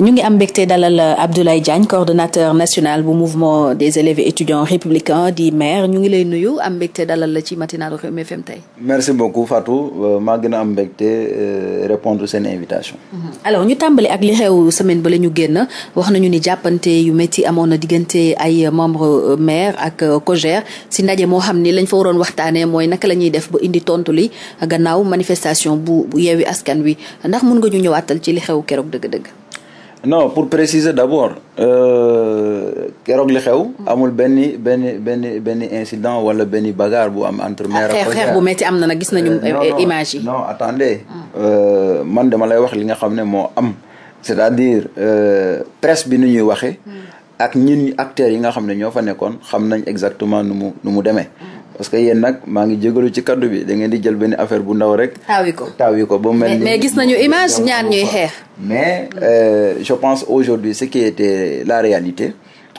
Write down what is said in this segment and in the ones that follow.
ñu ngi am mbégte dalal euh, Abdoulaye Diagne coordonnateur national bu mouvement des élèves et étudiants républicains di maire ñu ngi lay nuyu am mbégte dalal la ci matinalu Rewmi FM tey. merci beaucoup Fatou euh, maa gën am am mbégte euh, répondre seen invitation. Mm-hmm. alors ñu tàmbali ak li xew semaine ba la ñu génn wax nañu ni jàppante yu métti amoon a diggante ay membre maire ak COJER si ndaje moo xam ni lañ fa waroon waxtaanee mooy naka la ñuy def ba indi tontu li gannaaw manifestation bu bu yeewi askan wi ndax mun nga ñu ñëwaatal ci li xew keroog dëgg non pour préciser d' abord euh, keroog li xew. Mm. amul benn benn benn benn incident wala benn bagar bu am entre. mère ak xeex bu métti am na nag gis nañu euh, euh, image yi. non attendez mm. man dama lay wax li nga xam ne moo am c' est à dire presse bi nu ñuy waxee. Mm. ak ñun acteurs yi nga xam ne ñoo fa nekkoon xam nañ exactement nu mu nu mu demee. parce que yéen nag maa ngi jégalu ci kaddu bi da ngeen di jël benn affaire bu ndaw rek. taawi ko taawi ko ba mel ni mais gis nañu image ñaar ñuy xeex. mais euh, je pense aujourd'hui ce qui était la réalité.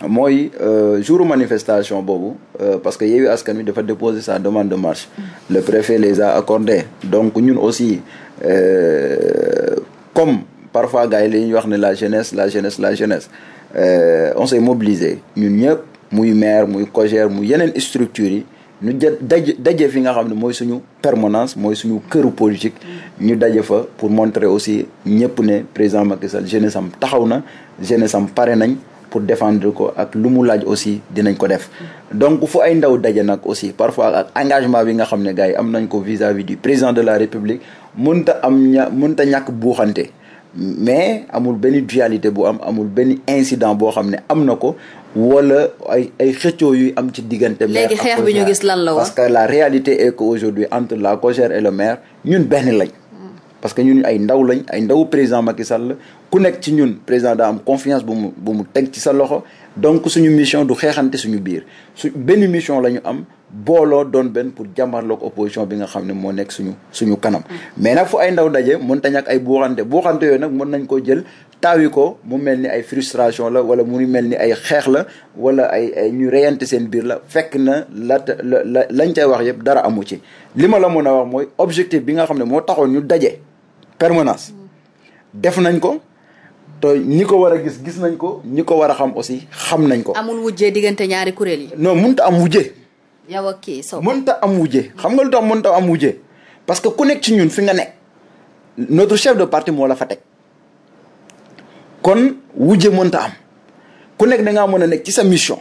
mooy euh, jour manifestation boobu euh, parce que Yewwi Askan Wi dafa déposer sa demande de marche mm. le préfet les a accordés donc ñun aussi euh, comme parfois gars yi ñuy wax ne la jeunesse la jeunesse la jeunesse euh, on s'est mobiliser ñun ñëpp muy maire muy cogère muy yeneen structures yi ñu jë daje daje fi nga xam ne mooy suñu permanence mooy suñu kër politique ñu daje fa pour montrer aussi ñëpp ne président Macky Sall jeunesse am taxaw na jeunesse am pare nañ pour défendre ko ak lu mu laaj aussi dinañ ko def. donc fu ay ndaw daje nag aussi parfois ak engagement bi nga xam ne gars yi am nañ ko vis-à-vis du président de la république mënta am ña mënta ñàkk buuxante mais amul benn dualité bu am amul benn incident boo xam ne am na ko wala ay ay xëccoo yuy am ci diggante maire léegi xeex bi ñu gis lan la woon parce que la réalité est que aujourd'hui entre la COJER et le maire ñun benn lañ parce que ñun ay ndaw lañ ay ndawu président Macky Sall la ku nekk ci ñun président daa am confiance bu mu bu mu teg ci sa loxo donc suñu mission du xeexante suñu biir su benn mission la ñu am booloo doon benn pour jàmbarloog opposition bi nga xam ne moo nekk suñu suñu kanam mais nag fu ay ndaw daje mën ta ñàkk ay buuxante buuxante yooyu nag mën nañ koo jël taawi ko mu mel ni ay frustration la wala mu mel ni ay xeex la wala ay ñu reyante seen biir la fekk na la la lañ cay wax yëpp dara amu ci li ma la mën a wax mooy objectif bi nga xam ne moo taxoon ñu daje permanence def nañ ko te ñi ko war a gis gis nañ ko ñi ko war a xam aussi xam nañ ko amul wujjee diggante ñaari kuréel yi non mënut a am wujjee yow kii Sow mënta am wujje xam nga lu tax mënta am wujje parce que ku nekk ci ñun fi nga nekk notre chef de parti moo la fa teg kon wujje mënta am ku nekk da ngaa mën a nekk ci sa mission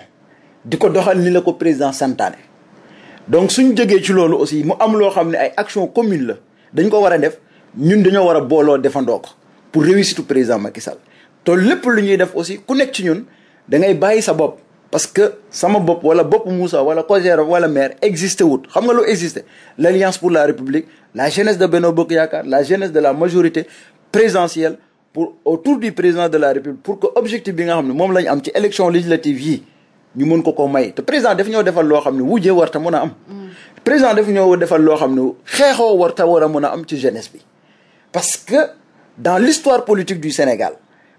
di ko doxal ni la ko président santaane donc suñu jógee ci loolu aussi mu am loo xam ne ay action commune la dañ ko war a def ñun dañoo war a booloo defandoo ko pour réussir président Macky Sall te lépp lu ñuy def aussi ku nekk ci ñun da ngay bàyyi sa bopp parce que sama bopp wala bopp Moussa wala Kogérof wala maire existé wut xam nga lu existé l' alliance pour la république la jeunesse de Benno Bokk Yaakaar la jeunesse de la majorité présidentielle pour autour du président de la république pour que objectif bi nga xam ne moom la am ci élection législative yi ñu mën ko ko may te président daf ñoo defal loo xam ne wujjee war ta mën a am. Mm. président daf ñoo defal loo xam ne xeexoo war ta war a mën a am ci jeunesse bi parce que dans l'histoire politique du Sénégal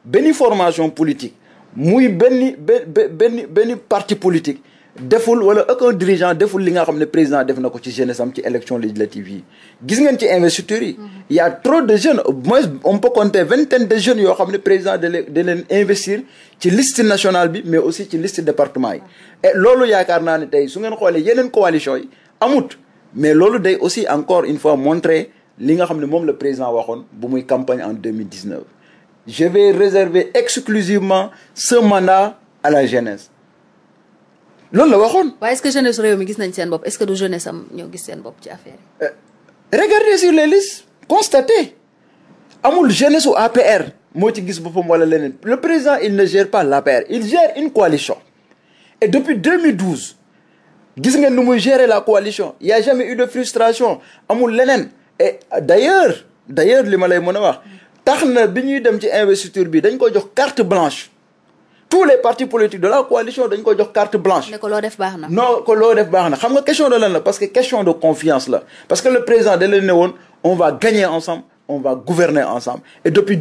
benn formation politique. muy benn benn benn benn parti politique deful wala aucun dirigeant deful li nga xam ne président def na ko ci jeunesse sam ci élection législative yi gis ngeen ci investiture yi mhm. y a trop de jeunes au moins on peut compter vingtaine de jeunes yoo xam ne président da leen da leen investir ci liste nationale bi mais aussi ci liste département yi et loolu yaakaar naa ne tey su ngeen xoolee yeneen coalition yi amut mais loolu day aussi encore une fois montrer li nga xam ne moom la président waxoon bu muy campagne en 2019 je vais réserver exclusivement ce mandat à la jeunesse loolu la waxoon. waaye est-ce que jeunesse mi gis nañ seen bopp est que du jeunesse ñoo gis seen bopp ci affaire yi. Euh, regardez sur les listes constatez amul jeunesse su APR moo ci gis boppam wala leneen le président il ne gère pas l'APR il gère une coalition et depuis 2012 gis ngeen nu muy gérer la coalition il y a jamais eu de frustration amul leneen et d'ailleurs d'ailleurs li ma lay mën a wax. tax na bi ñuy dem ci investiture bi dañ ko jox carte blanche tous les partis politiques de la coalition dañ ko jox carte blanche. ne ko loo def baax na. non loo def baax na xam nga question de lan la parce que question de confiance la parce que le président da leen ne woon on va gagner ensemble on va gouverner ensemble et depuis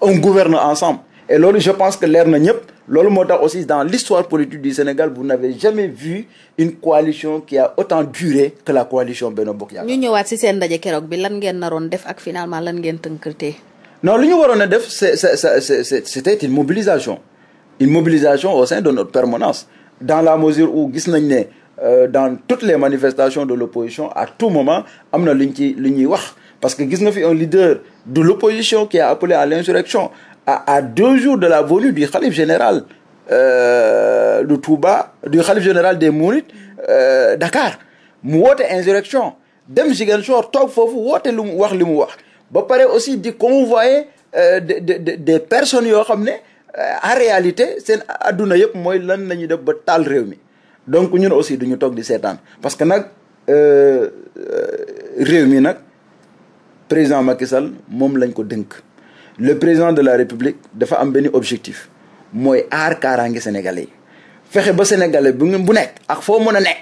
on gouverne ensemble et loolu je pense que leer na ñëpp. loolu moo tax aussi dans l'histoire politique du Sénégal vous n'avez jamais vu une coalition qui a autant duré que la coalition Benno Bokk Yaakaar. ñu ñëwaat ci seen ndaje keroog bi lan ngeen naroon def ak finalement lan ngeen tënkatee. non lu ñu waroon a def c'est c'est c'était une mobilisation une mobilisation au sein de notre permanence dans la mesure où gis nañ ne euh, dans toutes les manifestations de l'opposition à tout moment am na lu ñu ci lu ñuy wax parce que gis nga fi un leader de l'opposition qui a appelé à l'insurrection à, à deux jours de la venue du khalife général euh, de Touba du khalife général des Mourides euh, Dakar mu woote insurrection dem Ziguinchor toog foofu woote lu mu wax li mu wax ba pare aussi di convoyer euh, de de des personnes yoo xam ne euh, en réalité seen adduna yëpp mooy lan la ñuy def ba taal réew mi donc ñun aussi du ñu toog di seetaan parce que nag euh, réew mi nag président Macky Sall moom lañ ko dënk le président de la république dafa am benni objectif mooy aar kaaraange sénégalais yi fexe ba sénégalais bu ngeen bu nekk ak foo mën a nekk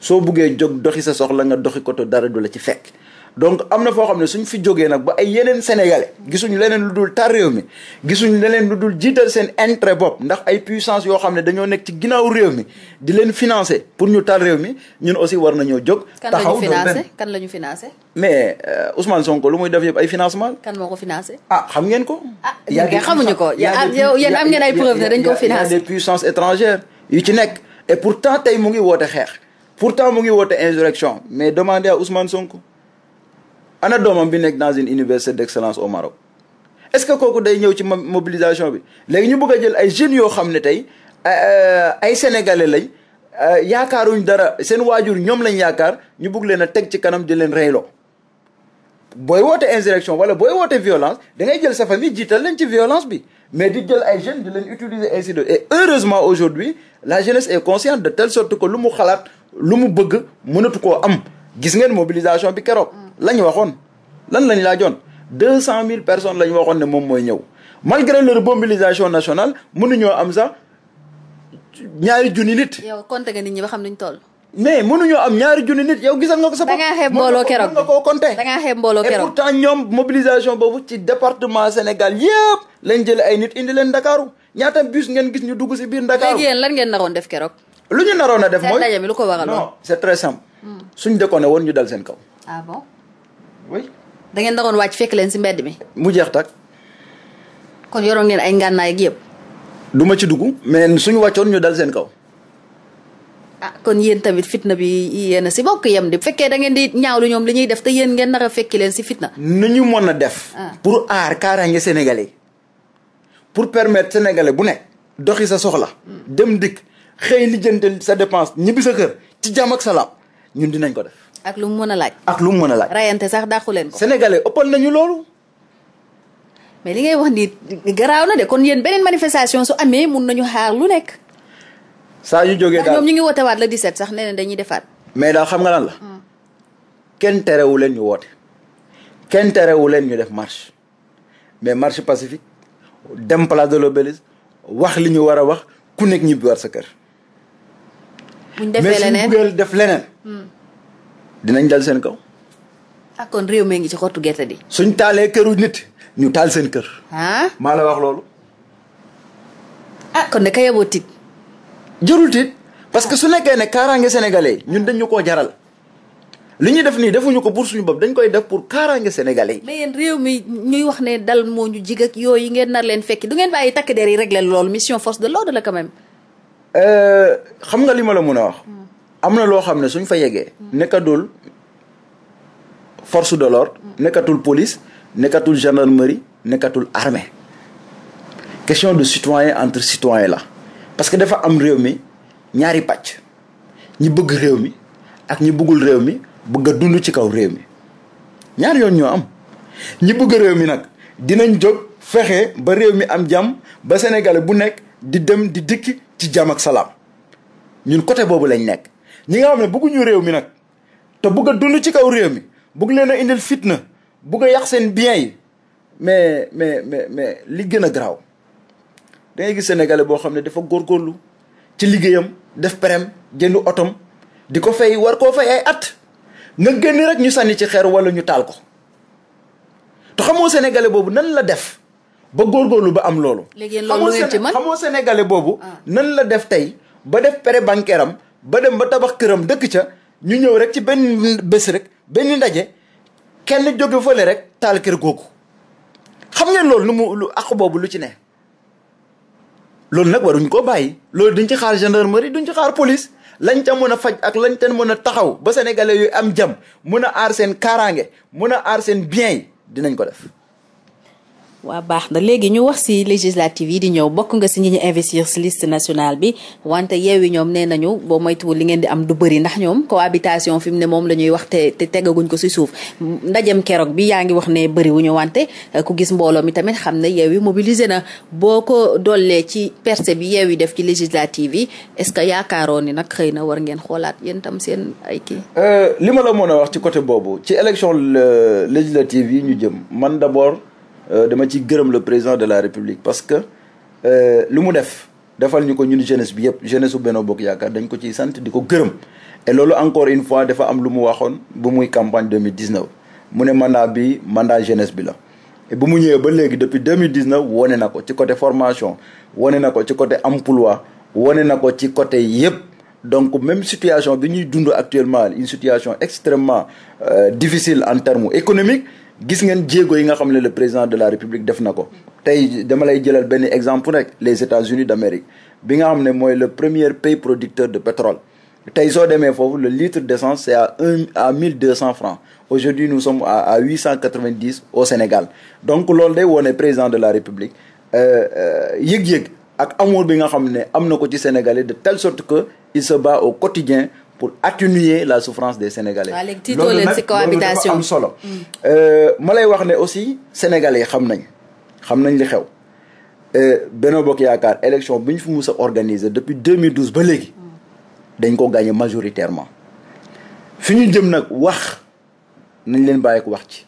soo buggee jóg doxi sa soxla nga doxi ko dara du la ci fekk donc am na foo xam ne suñ fi jógee nag ba ay yeneen sénégalais gisuñ leneen lu dul tar réew mi gisuñ leen lu dul jiital seen intérêt bopp ndax ay puissance yoo xam ne dañoo nekk ci ginnaaw réew mi di leen financer pour ñu tar réew mi ñun aussi war nañoo jóg. taxaw doon benn kan la ñu financé mais euh, Ousmane Sonko lu muy def yëpp ay financement kan moo ko financé. ah xam ngeen ko. ah xamuñu ko ah, yéen am ngeen ay preuve ne dañ ko financé. des puissances étrangères yu ci nekk et pourtant tey mu ngi woote xeex pourtant mu ngi woote insurrection mais demandez à Sonko. ana doomam bi nekk dans une université d'excellence au Maroc est-ce que kooku day ñëw ci mobilisation bi léegi ñu bëgg a jël ay jeunes yoo xam ne tey ay euh, sénégalais lañ euh, yaakaaruñ dara seen waajur ñoom lañ yaakaar ñu bëgg leen a teg ci kanam di leen reyloo booy woote insurrection wala booy woote violence dangay jël sa famille jiital leen ci violence bi mais di jël ay jeunes di leen utiliser ainsi de et heureusement aujourd'hui la jeunesse est consciente de telle sorte ko lu mu xalaat lu mu bëgg mënatu koo am gis ngeen mobilisation bi keroog. la ñu waxoon lan lañ laajoon deux cent mille personnes la waxoon ne moom mooy ñëw malgré leur mobilisation nationale mënuñoo am sax ñaari junni nit. yow compter nga nit ñi ba xam nañ toll. mais mënuñoo am ñaari junni nit yow gisal nga ko sa bopp. da ngaa xeeb mbooloo keroog mën nga koo compter. da ngaa xeeb mbooloo keroog et ñoom mobilisation boobu ci département Sénégal yëpp lañ jëlee ay nit indi leen Ndakaaru ñaata bus ngeen gis ñu dugg si biir Ndakaaru. léegi yéen ngeen naroon def keroog. lu ñu naroon a def mooy seen daje bi ko waraloon. non c'est très simple. Hmm. suñ dëkkoon ne ñu dal seen kaw. Ah oui. da ngeen daroon wàcc fekk leen si mbedd mi. mu jeex tak kon yoroon ngeen ay ngànnaay ak yëpp. duma ci dugg mais suñu wàccoon ñu dal seen kaw. ah kon yéen tamit fitna bi yéen a si bokk yem di. fekkee da ngeen di ñaawlu ñoom li def te yéen ngeen nar a fekki leen si fitna. nu ñu mën a def. Ah. pour aar kaaraange sénégalais pour permettre sénégalais bu nekk doxi sa soxla. Hmm. dem dikk xëy lijjanti sa dépense ñibbi sa kër ci jàmm ak salaam ñun dinañ ko def. ak lu mu mën a laaj. ak lu mu mën a laaj. rayante sax dàqu leen ko. sénégalais ëppal nañu loolu. mais li ngay wax nii garaaw na de kon yéen beneen manifestation su amee mun nañu xaar lu nekk. saa yu jógee daal ñoom ñu ngi waat le 17 sax nee dañuy defaat. mais daal xam nga lan hmm. kenn terewu leen ñu woote. kenn terewu leen ñu def marché mais marché pacifique dem place de l'Obélisque wax li ñu war a wax ku nekk ñibbi war sa kër. buñ defee leneen def leneen. Hmm. dinañ dal seen kaw. ah kon réew mi ngi ci xottu gerte di. suñ taalee këru nit ñu taal seen kër. ah maa la wax loolu. ah kon naka yaboo tiit. jërul tiit parce que su nekkee ne kaaraange sénégalais ñun dañ ñu koo jaral. lu ñuy def nii defuñu ko pour suñu bopp dañ koy def pour kaaraange sénégalais yi. mais yéen réew mi ñuy wax ne dal moo ñu jig ak yooyu ngeen na leen fekki du ngeen bàyyi takk der yi régler loolu mission force de l'ordre la quand même. Euh, xam nga li ma la mën a wax. Hmm. am na loo xam ne suñ fa yegee. Mm. nekkatul force de l'ordre mm. nekkatul police nekkatul gendarmerie nekkatul armée question de citoyen entre citoyen la parce que dafa am réew mi ñaari pàcc ñi bëgg réew mi ak ñi bëggul réew mi bëgg a dund ci kaw réew mi ñaar yoon ñoo am ñi bëgg réew mi nag dinañ jóg fexe ba réew mi am jàmm ba sénégalais bu nekk di dem di dikk ci jàmm ak salaam ñun côté boobu lañ nekk ñi nga xam ne bëgguñu réew mi nag te bugg a dund ci kaw réew mi bëgg leen a indil fitna bëgg a yàq seen bien yi mais mais mais mais li gën a garaaw da ngay gis sénégalais boo xam ne dafa góor góorlu ci liggéeyam def perem jënd otom di ko fay war koo fay ay at nga génn rek ñu sànni ci xeer wala ñu taal ko te xamoo sénégalais boobu nan la def ba góor góorlu ba am loolu. léegi yéen loolu ngeen ci mën xamoo sénégalais boobu. Ah. nan la def tey ba def pere bancaire ba dem ba tabax këram dëkk ca ñu ñëw rek ci benn bés rek benn ndaje kenn jóge fële rek taal kër googu xam ngeen loolu lu mu lu àq boobu lu ci ne loolu nag waruñ koo bàyyi loolu duñ ci xaar gendarmerie duñ ci xaar police lañ ca mën a faj ak lañ ca mën a taxaw ba sénégalais yu am jam mun a aar seen kaaraange mën a aar seen bien yi dinañ ko def waa baax na léegi ñu wax ci législative yi di ñëw bokk nga si ñi ñu investir ci liste nationale bi wante yi ñoom nee nañu boo moytuwul li ngeen di am du bëri ndax ñoom cohabitation fi mu ne moom la ñuy wax te te ko ci suuf ndajeem keroog bi yaa ngi wax ne bëri ñu wante eh, ku gis mbooloo mi tamit xam ne yi mobilisé na boo ko dollee ci percée bi yi def ci législative yi est-ce que yaakaaroon ni nag xëy na war ngeen xoolaat yéen tam seen ay kii. Euh, li ma la mën wax ci côté boobu ci élection législative yi ñu jëm man d'abord. Euh, dama ci gërëm le président de la république parce que euh, lu mu def defal ñu ko ñun jeunesse bi yëpp jeunesse bu Benno Bokk Yaakaar dañ ko ciy sant di ko gërëm e loolu encore une fois dafa am lu mu waxoon bu muy campagne 2019 mu ne mandat bi mandat jeunesse bi la bu mu ñëwee ba léegi depuis 2019 wone na ko ci côté formation wone na ko ci côté emploi wone na ko ci côté yëpp donc même situation bi ñuy dund actuellement une situation extrêmement euh, difficile en termes économiques gis ngeen jéego yi nga xam ne le président de la république def na ko tey dama lay jëlal benn exemple rek les États-Unis d'Amérique bi nga xam ne mooy le premier pays producteur de pétrole tey soo demee foofu le litre d'essence c'est à un à deux cents francs aujourd'hui nous sommes à à huit cent quatre-vingt-dix au Sénégal donc loolu day wone président de la République euh, euh, yëg-yëg ak amour bi nga xam ne am na ko ci Sénégalais de telle sorte que il se bat au quotidien pour attenuer la souffrance des sénégalais. loolu nag loolu dafa am solo. Mm. Euh, ma lay wax ne aussi sénégalais xam nañ xam nañ li xew. Euh, Benno Bokk Yaakaar élection bi ñu fi mus a organiser depuis 2012 ba léegi. dañ ko gagné majoritairement. fi ñu jëm nag wax nañ leen bàyyi ko wax ci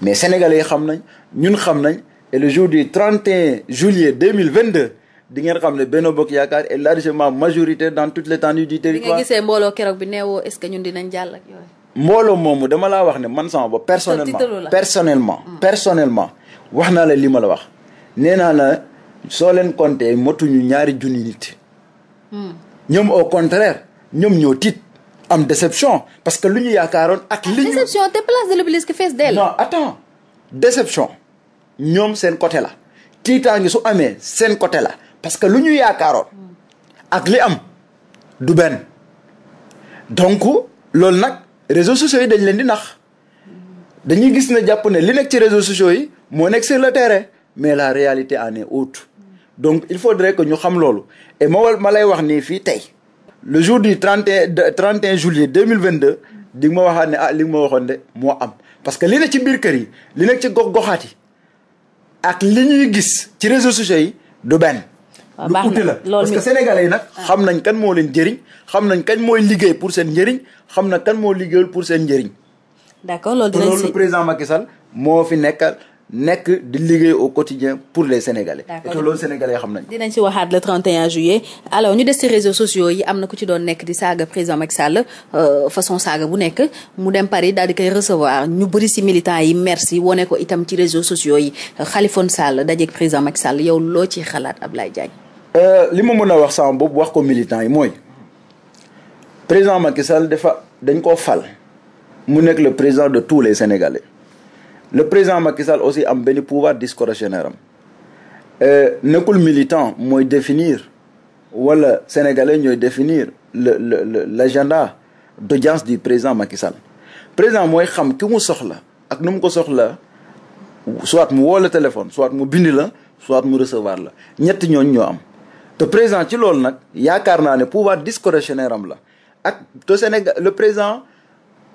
mais sénégalais yi xam nañ ñun xam nañ et le jour du 31 juillet 2022. di ngeen xam ne Benno Bokk Yaakaar est largement majoritaire dans toute l'étendue du territoire. bi nga gisee mbooloo keroog bi mbooloo moomu dama laa wax ne man sama ba personnellement personnellement mm. personnellement wax naa la li ma wax nee naa la soo leen compté motuñu ñaari junni nit mm. ñoom au contraire ñoom ñoo tiit am déception parce que lu ñu yaakaaroon ak li ñu déception te place de l'obélisque fees ñoom seen côté la tiitaangi su amee seen côté la parce que lu ñuy yaakaaroon ak li am du benn donc loolu nag réseaux sociaux yi dañ leen di nax dañuy gis ne jàpp ne li nekk ci réseaux sociaux yi moo nekk si le terrain mais la réalité en est autre donc il faudrait que ñu xam loolu et ma lay wax nii fii tey le jour du 31 31 juillet 2022 di nga ma waxaat ne ah li ma waxoon de moo am parce que li nekk ci biir kër yi li nekk ci gox goxaat yi ak li ñuy gis ci réseaux sociaux yi du benn lu uti la parce que sénégalais yi ah. xam nañ kan moo leen jëriñ xam nañ kañ mooy liggéey pour seen njëriñ xam na kan moo liggéeyul pour seen njëriñ d'accord loolu dinañ ma loolu moo fi nekkal nekk di liggéey au quotidien pour les sénégalais. d' accord et que loolu sénégalais xam nañu. dinañ si waxaat le 31 juillet alors ñu des ci réseaux sociaux yi am na ku ci doon nekk di saaga président Macky Sall euh, façon saaga bu nekk mu dem Paris daal di koy recevoir ñu bëri si militants yi merci wone ko itam ci réseaux sociaux yi Khaliphone Sall dajeeg président Macky Sall yow loo ciy xalaat Ablaye Diagne. Euh, li ma mën a wax sama boobu wax ko militants yi mooy président Macky Sall dafa dañ koo fal mu nekk le président de tous les sénégalais. le président Macky aussi am benn pouvoir discrétionnaire am euh, nekkul militant mooy définir wala sénégalais ñooy définir le le le l' agenda d' audience président Macky président mooy xam ki mu soxla ak nu mu ko soxla soit mu woo téléphone soit mu bindi la soit mu recevoir la ñetti ñooñu ñoo am te président ci loolu nag yaakaar naa ne pouvoir discrétionnaire am la ak te Sénégal le président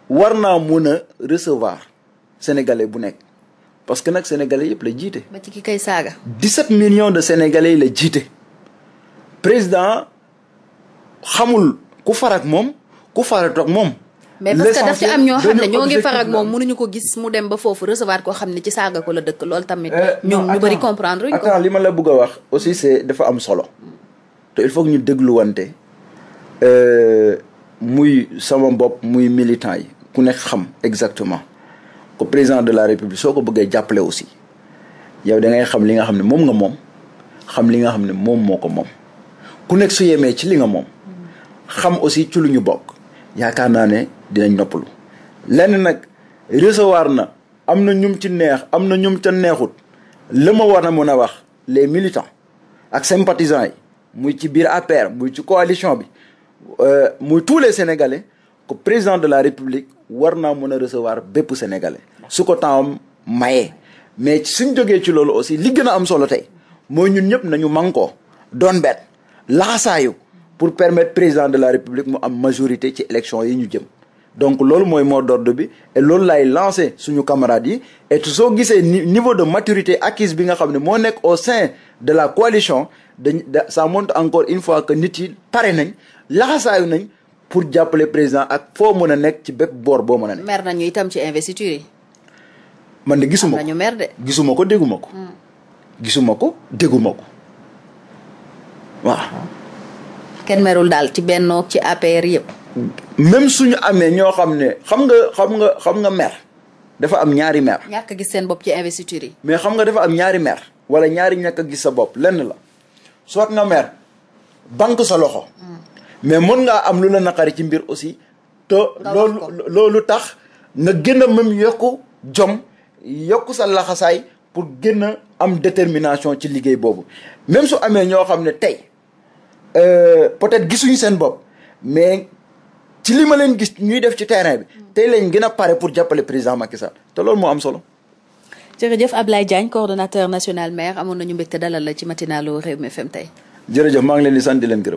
war naa mun a recevoir. sénégalais bu nekk parce que nag sénégalais yëpp la jiite. ba ci ki kay saaga. 17 million de sénégalais la jiite président xamul ku farak moom ku farat ak moom. mais parce que daf ci am ñoo xam ne ñoo ngi far ak moom mënuñu ko gis mu dem ba foofu recevoir koo xam ne ci saaga ko la dëkk loolu tamit. Euh, ñoom ñu bëri comprendre ñu ko. li ma bëgg a wax aussi c'est dafa am solo te il faut que ñu wante euh, muy sama mbopp muy militant yi ku nekk xam exactement. ko président de la république soo ko bëggee jàppale aussi yow da ngay xam li nga xam ne moom nga moom xam li nga xam ne moom moo ko moom ku nekk su yemee ci li nga moom xam aussi ci lu ñu bokk yaakaar naa ne dinañ noppalu lenn nag recevoir na am na ñum ci neex am na ñum ca neexut la ma war na mën a wax les militants ak sympathisants yi muy ci biir APR muy ci coalition bi euh, muy tous les sénégalais que président de la république war naa mën a recevoir bépp sénégalais su ko temps mayee mais suñ jógee ci loolu aussi li gën a am solo tey mooy ñun ñëpp nañu mànkoo doon benn laxasaayu pour permettre président de la république mu am majorité ci élection yi ñu jëm donc loolu mooy mot d'ordre bi et loolu laay lancé suñu camarades yi et soo gisee niveau de maturité acquise bi nga xam ne moo nekk au sein de la coalition dañ ça montre encore une fois que nit yi pare nañ laxasaayu nañ pour jàppale président ak foo mën a nekk ci bépp boor boo mën a nekk. mer nañu itam ci investiture yi. man de gisuma ko nañu mer de. gisuma ko dégguma ko. Hmm. gisuma ko dégguma ko waaw. kenn merul daal ci Benno ci APR yëpp. même suñu amee ñoo xam ne xam nga xam nga xam nga mer. dafa am ñaari mer. ñàkk gis seen bopp ci investiture yi. mais xam nga dafa am ñaari meer wala ñaari ñàkk gis sa bopp lenn la. soit nga mer banque sa loxo. Hmm. mais mën ngaa am lu la naqari ci mbir aussi te loolu tax nga gën a même yokku jom yokku sa laxasaay pour gën a am détermination ci liggéey boobu même su amee ñoo xam ne tey euh, peut-être gisuñu seen bopp mais ci li ma leen gis ñuy def ci terrain bi mm. tey lañ gën a pare pour jàppale président Macky Sall te lool moo am solo jërëjëf Ablaye Diagne coordonnateur national maire amoon nañu mbégte dalal la ci matinalu Rewmi FM tey jërëjëf maa leen di leen gërëm